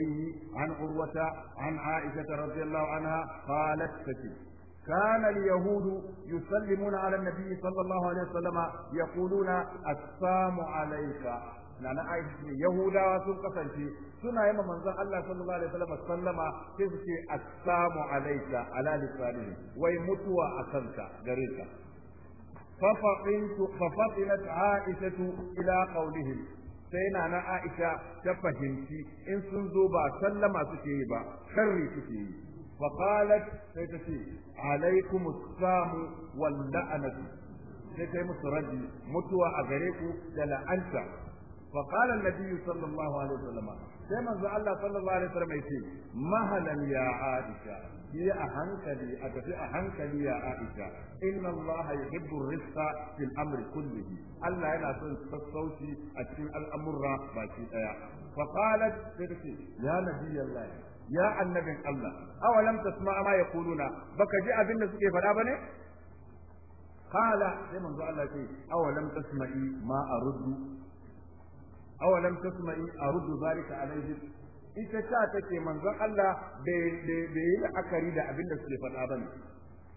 الزبري عن عروة عن عائشة رضي الله عنها قالت فتي كان اليهود يسلمون على النبي صلى الله عليه وسلم يقولون السلام عليك nana Aisha ne Yahudawa sun kasance suna yi manzon Allah sallallahu alaihi wasallam sallama sai su ce assalamu alayka ala lisanihi wai mutuwa a ka gare ka ففطنت ففطنت عائشة إلى قولهم sai na na Aisha ta fahimci in sun zo ba sallama suke yi ba sharri suke yi fa qalat sai ta ce alaikum samu wal la'anatu sai ta musu raddi mutuwa a gare ku da la'anta fa qala an-nabi sallallahu alaihi wasallam sai manzo Allah sallallahu alaihi wasallam ya ce mahalan ya Aisha yi a hankali a tafi a hankali ya Aisha inna Allah yuhibbu rizqa fil amri kullihi Allah yana son sassauci a cikin al'amurra baki daya fa qalat sirfi ya nabiyallah ya annabin Allah awalam tasma'a ma yaquluna baka ji abin da suke faɗa bane قال sai manzo Allah ce awalam tasma'i ma aruddu awalam tasma'i aruddu zalika ita ta take manzon Allah bai yi la'akari da abin da suke faɗa bane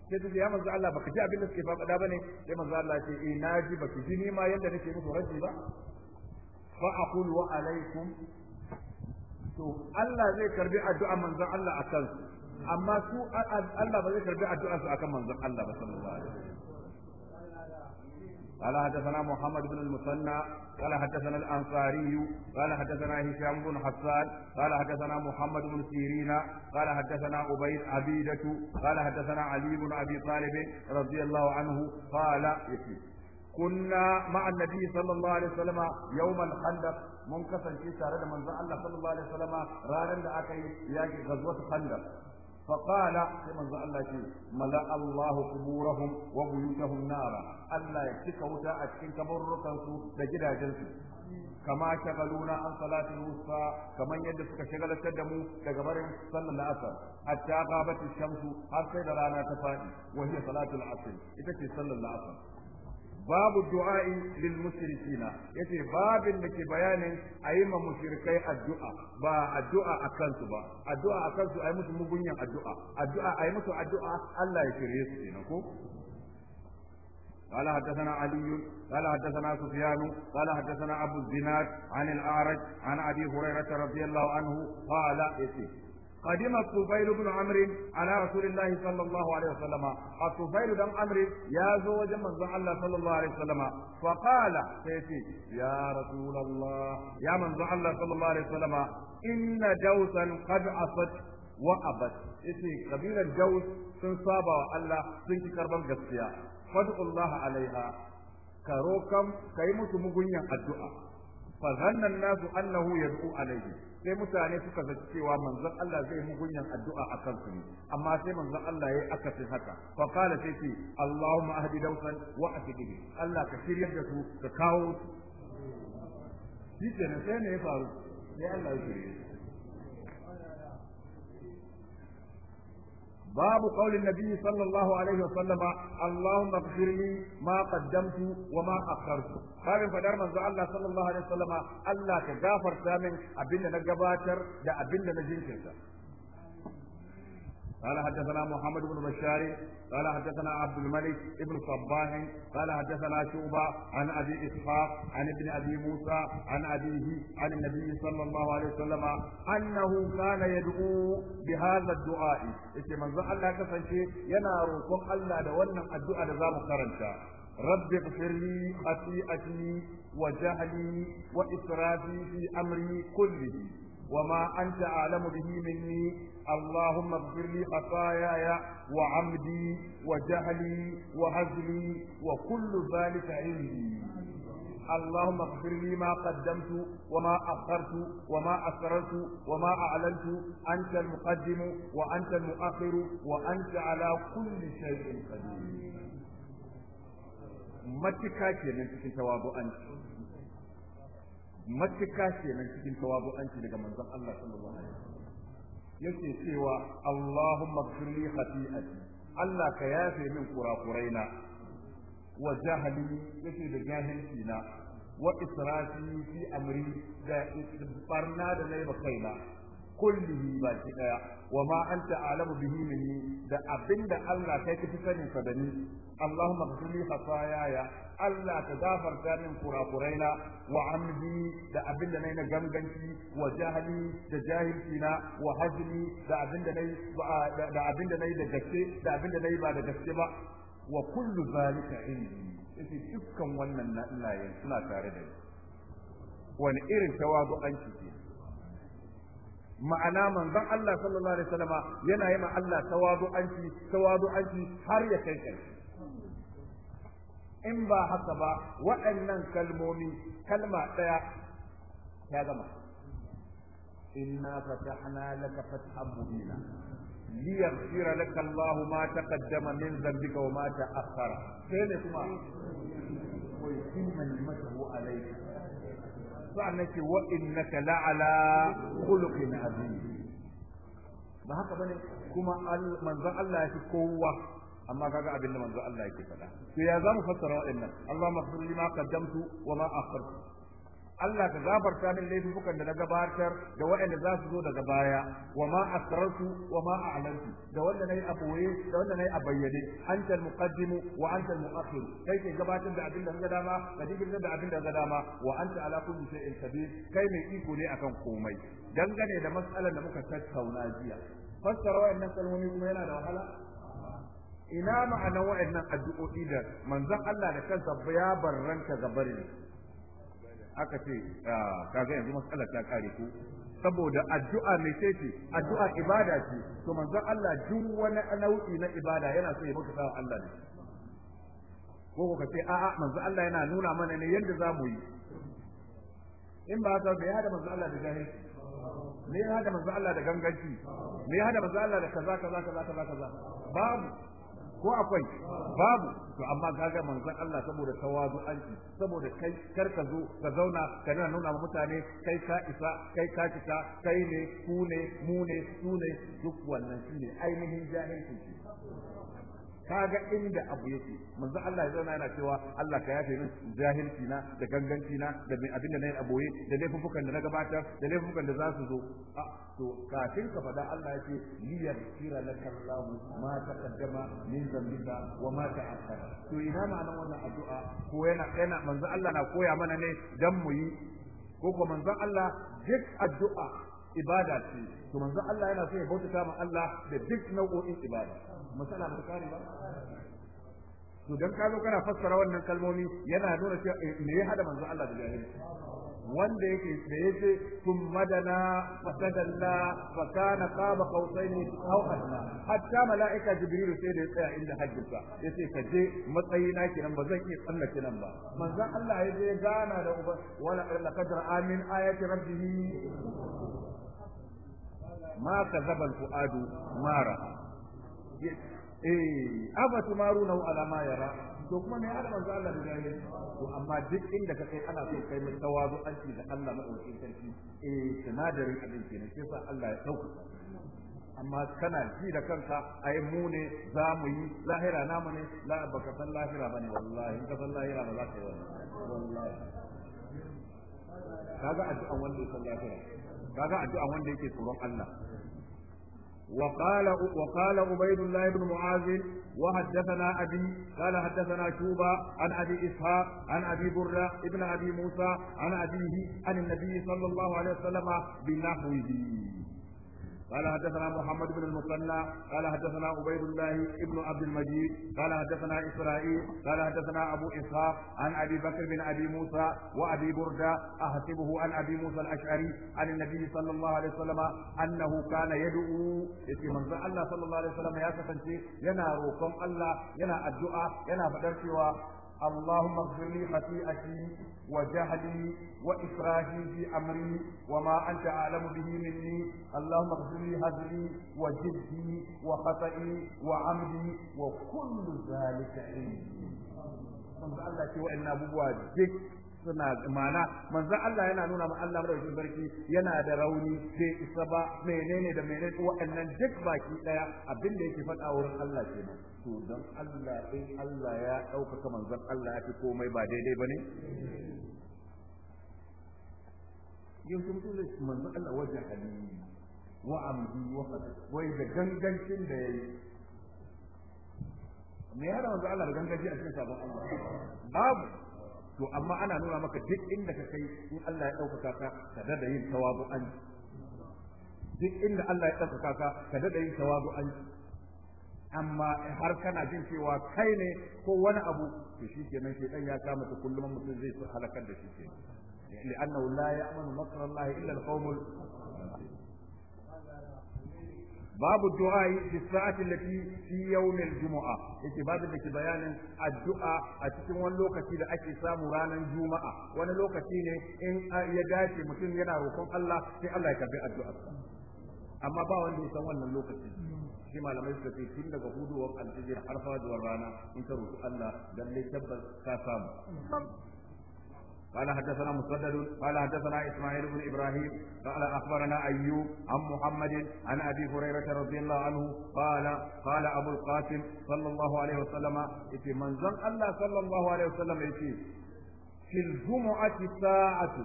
sai ta ce ya manzon Allah baka ji abin da suke faɗa bane sai manzon Allah ce eh na ji baki ji ni ma yanda nake muku rashi ba fa aqul wa alaikum to Allah zai karbi addu'a manzon Allah akan su amma su Allah ba zai karbi addu'a su akan manzon Allah ba sallallahu alaihi wasallam قال حدثنا محمد بن المثنى قال حدثنا الأنصاري قال حدثنا هشام بن حسان قال حدثنا محمد بن سيرين قال حدثنا أبي عبيدة قال حدثنا علي بن أبي طالب رضي الله عنه قال يكي كنا مع النبي صلى الله عليه وسلم يوم الخندق من كسر في تارد من الله صلى الله عليه وسلم رانا لأكي ياكي غزوة خندق فقال كما الله شيء ملا الله قبورهم وبيوتهم نارا الله يكتك وتا اتكن كبركن سو دجدا كما شغلونا عن صلاة الوسطى كما يد suka shagalatar da mu daga barin sallar asar hatta gabat ash-shamsu sai da rana ta fadi wa ita ce sallar babu du'a'i lil mushrikina yace babin da ke bayanin yi ma mushrikai addu'a ba addu'a akan su ba addu'a akan su ayi musu mugunyan addu'a addu'a ayi musu addu'a Allah ya shirye su kenan ko قال حدثنا علي قال حدثنا سفيان قال حدثنا ابو الزناد عن الاعرج عن ابي هريره رضي الله عنه قال يسير قدم الطفيل بن عمرو على رسول الله صلى الله عليه وسلم الطفيل بن عمرو يا زوج من الله صلى الله عليه وسلم فقال سيتي يا رسول الله يا من الله صلى الله عليه وسلم إن دوسا قد عصت وأبت إتي قبيل الجوز سنصاب الله سنكي كربا قصيا فادعوا الله عليها كروكم كيمت مغنيا الدعاء fa الناس nasu يدعو عليه sai mutane suka zaci cewa manzon Allah zai yi mugunyan addu'a a kansu ne amma sai manzon Allah yayi akasin haka fa qala sai ce Allahumma ahdi dawsan wa ahdihi Allah ka shirya da su ka kawo shi ne sai ne ya faru sai Allah ya shirya باب قول النبي صلى الله عليه وسلم اللهم اغفر لي ما قدمت وما اخرت kafin fadar manzo Allah sallallahu alaihi wasallam Allah ta gafarta min abinda na gabatar da abinda na jinkirta قال حدثنا محمد بن بشار قال حدثنا عبد الملك بن صباح قال حدثنا شعبة عن أبي إسحاق عن ابن أبي موسى عن أبيه عن النبي صلى الله عليه وسلم أنه كان يدعو بهذا الدعاء إذا من الله كفنشي ينارو الله دوانا الدعاء لزام خرنشا رب اغفر لي خطيئتي وجهلي وإسرافي في أمري كله وما أنت أعلم به مني اللهم اغفر لي خطاياي وعمدي وجهلي وهزلي وكل ذلك عندي اللهم اغفر لي ما قدمت وما أخرت وما أسررت وما أعلنت أنت المقدم وأنت المؤخر وأنت على كل شيء قدير متى كاكي من تتواضع أنت matuka kenan cikin tawabu'anci daga manzon Allah sallallahu alaihi wasallam yake cewa Allahumma ighfirli khati'ati Allah ka yafe min kurakuraina wa jahli yake da jahilci na wa israfi fi amri da barna da nayi ba kaina kullihi ba ki daya wa ma anta alamu bihi minni da abinda Allah kai kifi sani sa da ni Allahumma ighfirli khataaya Allah ka gafarta min kurakuraina wa amdi da abin da nayi na ganganci wa jahili da jahilci na wa hazmi da abin da nayi da abin da nayi da gaske da abin da nayi ba da gaske ba wa kullu zalika indi yace dukkan wannan na Allah yayin suna tare da ni wani irin an ke ma'ana manzon Allah sallallahu alaihi wasallama yana yi ma Allah an tawadu'anci har ya kai kai in ba haka ba waɗannan kalmomi kalma ɗaya ya gama inna fatahna laka fathan mubina ليغفر لك الله ما تقدم من ذنبك وما تأخر ثالث ما ويتم نعمته عليك فعنك وإنك لعلى خلق عظيم ba haka bane kuma manzon Allah ya fi kowa amma kaga abin da manzo Allah yake faɗa to ya zamu fassara waɗannan Allahumma ighfir lima qaddamtu wa ma akhartu Allah ka gafarta min laifukan da na gabatar da waɗanda za su zo daga baya wa ma asrartu wa ma a'lantu da wanda nayi a boye da wanda nayi a bayyane antal muqaddimu wa antal mu'akhir kai ke gabatar da abin da ka dama ka digirta da abin da ka dama wa anta ala kulli shay'in qadir kai mai iko ne akan komai dangane da mas'alar da muka tattauna jiya fassara wa'annan kalmomi kuma yana da wahala ina ma'anar wa'annan addu'o'i da manzon Allah da kansa ya barranka ga barin aka ce ah, kaga yanzu matsalar ta kare ku saboda addu'a mai sai ce addu'a ibada ce to manzon Allah duk wani nau'i na ibada yana so ya maka sa Allah ne ko ka ce a'a manzon Allah yana nuna mana ne yadda za mu yi in ba ka bai hada manzon Allah da jahilci me ya hada manzon Allah da ganganci me ya hada manzon Allah da kaza kaza kaza kaza kaza babu ko akwai babu to amma kaga manzon Allah saboda tawazu anki saboda kai kar ka zo ka zauna ka nuna ma mutane kai ka isa kai ka kisa kai ne ku ne mu ne su ne duk wannan shine ainihin jahilci kaga inda abu yake manzo Allah ya zauna yana cewa Allah ka yafe min jahilci na da ganganci na da mai abin da nayi aboye da laifukan da na gabata da laifukan da za su zo a ah, to kafin ka fada Allah ya ce li yaghfira laka Allah ma ta taqaddama min zambika wa ma ta'akhkhara to ina ma'anar wannan addu'a ko yana yana manzo Allah na koya mana ne dan mu yi ko ko manzo Allah duk addu'a ibada ce to manzo Allah yana so ya bauta ma Allah da duk nau'o'in ibada matsala ta kare ba to dan ka zo kana fassara wannan kalmomi yana nuna cewa eh, me ya hada manzo Allah da jahili wanda yake da yace kum madana fasadalla fa kana qaba qausaini aw adna hatta malaika jibril sai da ya tsaya inda hajjinka yace ka je matsayi na kenan ba zan iya tsallake nan ba manzo Allah ya je gana da uba wala qadra amin ayati rabbihi ma kazaba fuadu mara eh aba tumaruna ala ma yara to kuma me hada manzo Allah da jahili to amma duk inda ka kai ana so kai mai tawazu anci da Allah madaukakin sarki eh sinadarin abin kenan sai sa Allah ya dauka amma kana ji da kanka ai mu ne za mu yi lahira namu ne la baka san lahira bane wallahi in ka san lahira ba za ka yi wallahi kaga addu'an wanda ya san lahira kaga addu'an wanda yake tsoron Allah وقال وقال عبيد الله بن معاذ وحدثنا ابي قال حدثنا شوبه عن ابي اسحاق عن ابي بره ابن ابي موسى عن ابيه عن النبي صلى الله عليه وسلم بنحوه قال حدثنا محمد بن المثنى قال حدثنا عبيد الله بن عبد المجيد قال حدثنا اسرائيل قال حدثنا ابو اسحاق عن ابي بكر بن ابي موسى وابي برده احسبه عن ابي موسى الاشعري عن النبي صلى الله عليه وسلم انه كان يدعو يتي من الله صلى الله عليه وسلم يا كفنتي ينا روكم الله ينا الدعاء ينا فدرتي اللهم اغفر لي خطيئتي وجهلي وإسراهي في أمري وما أنت أعلم به مني اللهم اغفر لي هزلي وجدي وخطئي وعمدي وكل ذلك عندي Allah ce wa'annan abubuwa duk suna mana manzon Allah yana nuna ma Allah madaukakin sarki yana da rauni sai isa ba menene da menene wa'annan duk baki daya abin da yake faɗa wurin Allah kenan to don Allah in Allah ya ɗaukaka manzon Allah ya fi komai ba daidai ba ne? Yanzu mutum zai manzon Allah wajen halin wa amdi wa wai da gangancin da ya yi. Me ya manzon Allah da ganganci a cikin sabon Allah? Babu. To amma ana nuna maka duk inda ka kai in Allah ya ɗaukaka ka ka da yin an. Duk inda Allah ya ɗaukaka ka ka da yin an. amma har kana jin cewa kai ne ko wani abu to shi ke nan shaidan ya kama ta kullum mutum zai su halakar da shi ke li'annahu la ya'manu makra Allah illa al-qawmul babu du'a fi sa'ati allati fi yawm al-jumu'a yake babu da ke bayanin addu'a a cikin wani lokaci da ake samu ranar juma'a wani lokaci ne in ya dace mutum yana roƙon Allah sai Allah ya karbi addu'arsa amma ba wanda ya san wannan lokaci sai malamai suka ce tun daga huduwar alfijir har faduwar rana in ka roki Allah dan lai tabbas ka samu قال حدثنا مسدد قال حدثنا اسماعيل بن ابراهيم قال اخبرنا ايوب عن محمد عن ابي هريره رضي الله عنه قال قال ابو القاسم صلى الله عليه وسلم في منزل الله صلى الله عليه وسلم يتي في الجمعه ساعه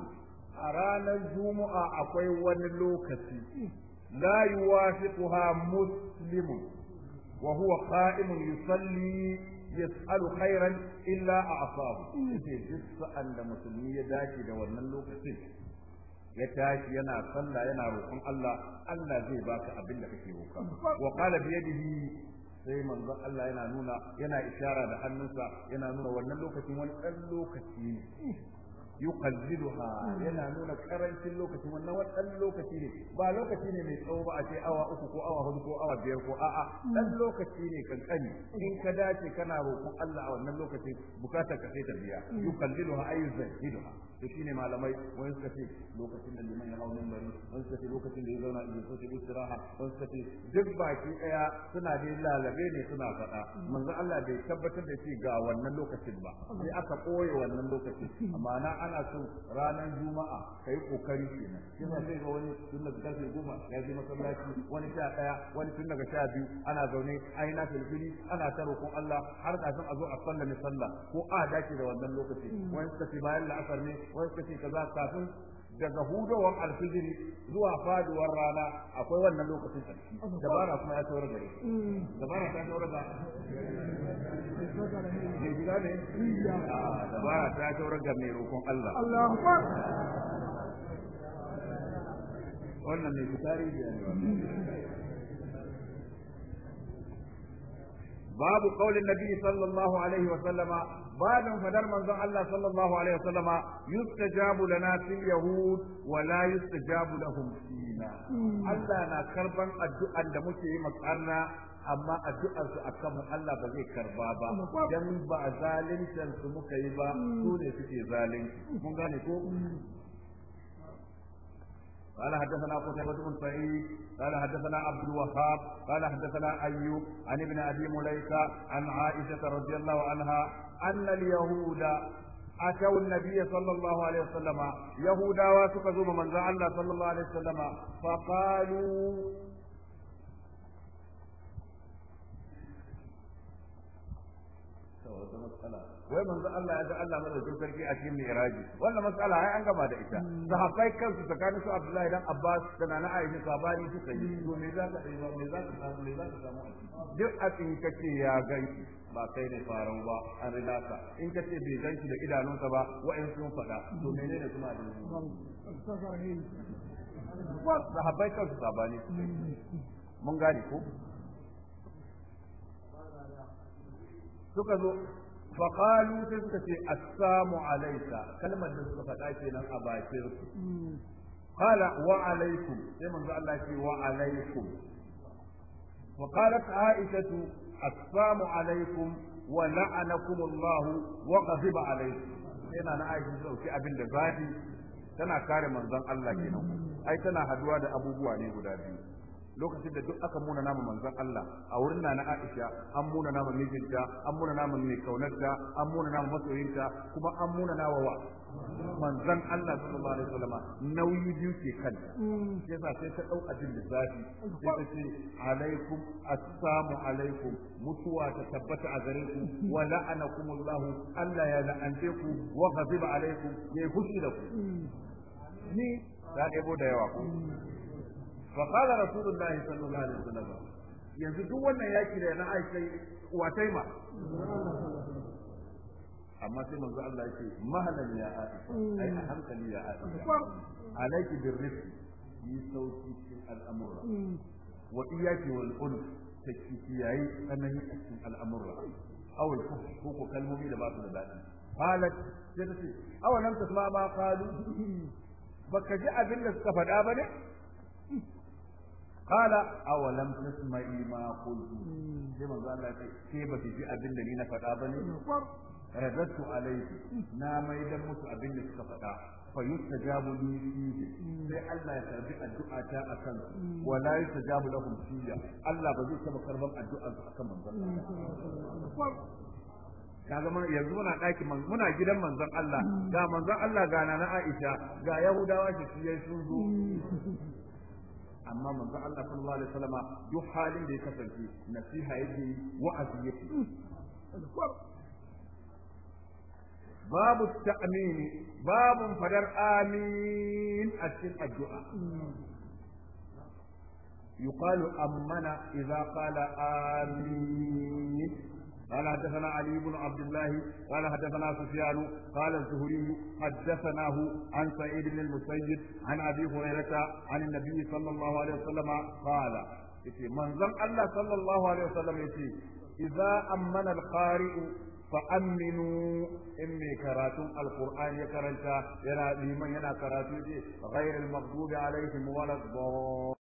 أرانا الجمعة أقوى ونلوكتي لا يوافقها مسلم وهو قائم يصلي يسأل خيرا إلا أعصابه في جسة أن مسلمي يداكي دوانا اللوكسي يتاكي ينا صلى ينا روحان الله الله زي باك أبن لك في وقال بيده sai manzon Allah yana nuna yana ishara da hannunsa yana nuna wannan lokacin wani ɗan lokaci ne yuqalliduha hmm. yana nuna karancin lokacin wannan wadan lokaci ne ba lokaci ne mai tsawo ba a ce awa uku ko awa hudu ko awa biyar ko a'a hmm. dan lokaci ne kankani in ka dace kana roƙon Allah a wannan lokacin bukatar ka sai ta biya hmm. yuqalliduha ay yuzahhiduha to shine malamai wani suka ce lokacin da liman ya hau minbari wani suka ce lokacin da ya zauna ya so cikin istiraha wani suka ce duk baki daya suna da lalabe ne suna faɗa manzo Allah bai tabbatar da shi ga wannan lokacin ba sai aka koye wannan lokacin amma na ana so ranar juma'a kai kokari kenan yana sai ga wani tun daga karfe goma ya je masallaci wani sha daya wani tun daga sha biyu ana zaune ai na filfili ana ta roƙon Allah har kafin a zo a sallame sallah ko a dace da wannan lokacin wani suka ce bayan la'asar ne wai ka ce kaza kafin daga hudowar alfijiri zuwa faduwar rana akwai wannan lokacin da dabara kuma ya tsawar gare mm. dabara ta tsawar ga jirgina ne ah, dabara ta ga mai roƙon Allah Allahu Akbar wannan mai fitari ne باب قول النبي صلى الله عليه وسلم babin fadar manzon Allah sallallahu alaihi wasallama yustajabu lana fil yahud wa la yustajabu lahum fina Allah na karban addu'an da muke yi ma makarna amma addu'arsu a kanmu Allah ba zai karba ba dan ba zalincin su muka yi ba su ne suke zalunci mun gane ko قال حدثنا قتيبة بن سعيد قال حدثنا عبد الوهاب قال حدثنا أيوب عن ابن أبي مليكة عن عائشة رضي الله عنها أن اليهود أتوا النبي صلى الله عليه وسلم يهودا واتقزوا من الله صلى الله عليه وسلم فقالوا wata matsala wai manzo Allah ya ga Allah madaukakin sarki a cikin mi'raji wannan matsala ai an gama da ita hmm. sahabbai kansu tsakanin su Abdullahi dan Abbas da nana Aisha sabani su yi hmm. to me za ka yi me za ka samu me za ka samu duk a cikin kace ya ganki ba kai ne farau ba an riga ka in kace bai ganki da idanunsa ba wa'in sun faɗa to menene kuma da hmm. sahabbai kansu sabani mun gane ko suka zo faƙalu sai suka ce assamu alaika kalmar da suka faɗa nan a bakin su qala wa alaikum sai manzo Allah ce wa alaikum wa qalat aishatu assamu alaikum wa la'anakum Allah wa ghadiba alaikum yana na aiki ta dauki abin da zafi tana kare manzon Allah kenan ai tana haduwa da abubuwa ne guda biyu lokacin da duk aka muna nama manzon Allah a wurin na Aisha an muna nama mijinta an muna nama mai kaunarta an muna nama masoyinta kuma an muna nawa wa manzon Allah sallallahu alaihi wasallam nauyi biyu ke kan yasa sai ta dau ajin da zafi sai ta ce alaikum assalamu alaikum mutuwa ta tabbata a gare ku wa la'anakumullahu Allah ya la'ante ku wa ghadiba alaikum ya fushi da ku ni da da yawa ku fa qala rasulullahi sallallahu alaihi wasallam yanzu duk wannan yaki da na aisha wa taima amma sai manzo Allah yake mahalan ya aisha ai a hankali ya aisha alaiki birrifqi yi sauki cikin al'amura wa iyyaki wal ulf takiyayi sanahi a cikin al'amura aw al ko ko kalmomi da ba su da dadi qalat sai ta ce aw lam tasma ma qalu baka ji abin da suka faɗa ba ne. قال awalam tasma'i ma qultu sai manzo Allah ce ba ki ji abin da ni na faɗa ba ne radattu alayhi na mai dan musu abin da suka faɗa fa yustajabu li fihi sai Allah ya tarbi addu'a ta wa yanzu muna daki muna gidan manzon Allah ga manzon Allah ga na Aisha ga Yahudawa shi sun zo amma manzo Allah sallallahu alaihi duk halin da ya kasance nasiha yake wa'azi yake babu ta'mini babun fadar amin a cikin addu'a yuqalu ammana idza qala amin قال حدثنا علي بن عبد الله قال حدثنا سفيان قال الزهري حدثناه عن سعيد بن المسيب عن ابي هريره عن النبي صلى الله عليه وسلم قال منزل الله صلى الله عليه وسلم يتي إذا أمن القارئ فأمنوا إني كراتم القرآن يكرنتا ينا لمن ينا كراتو غير المغضوب عليهم ولا الضالين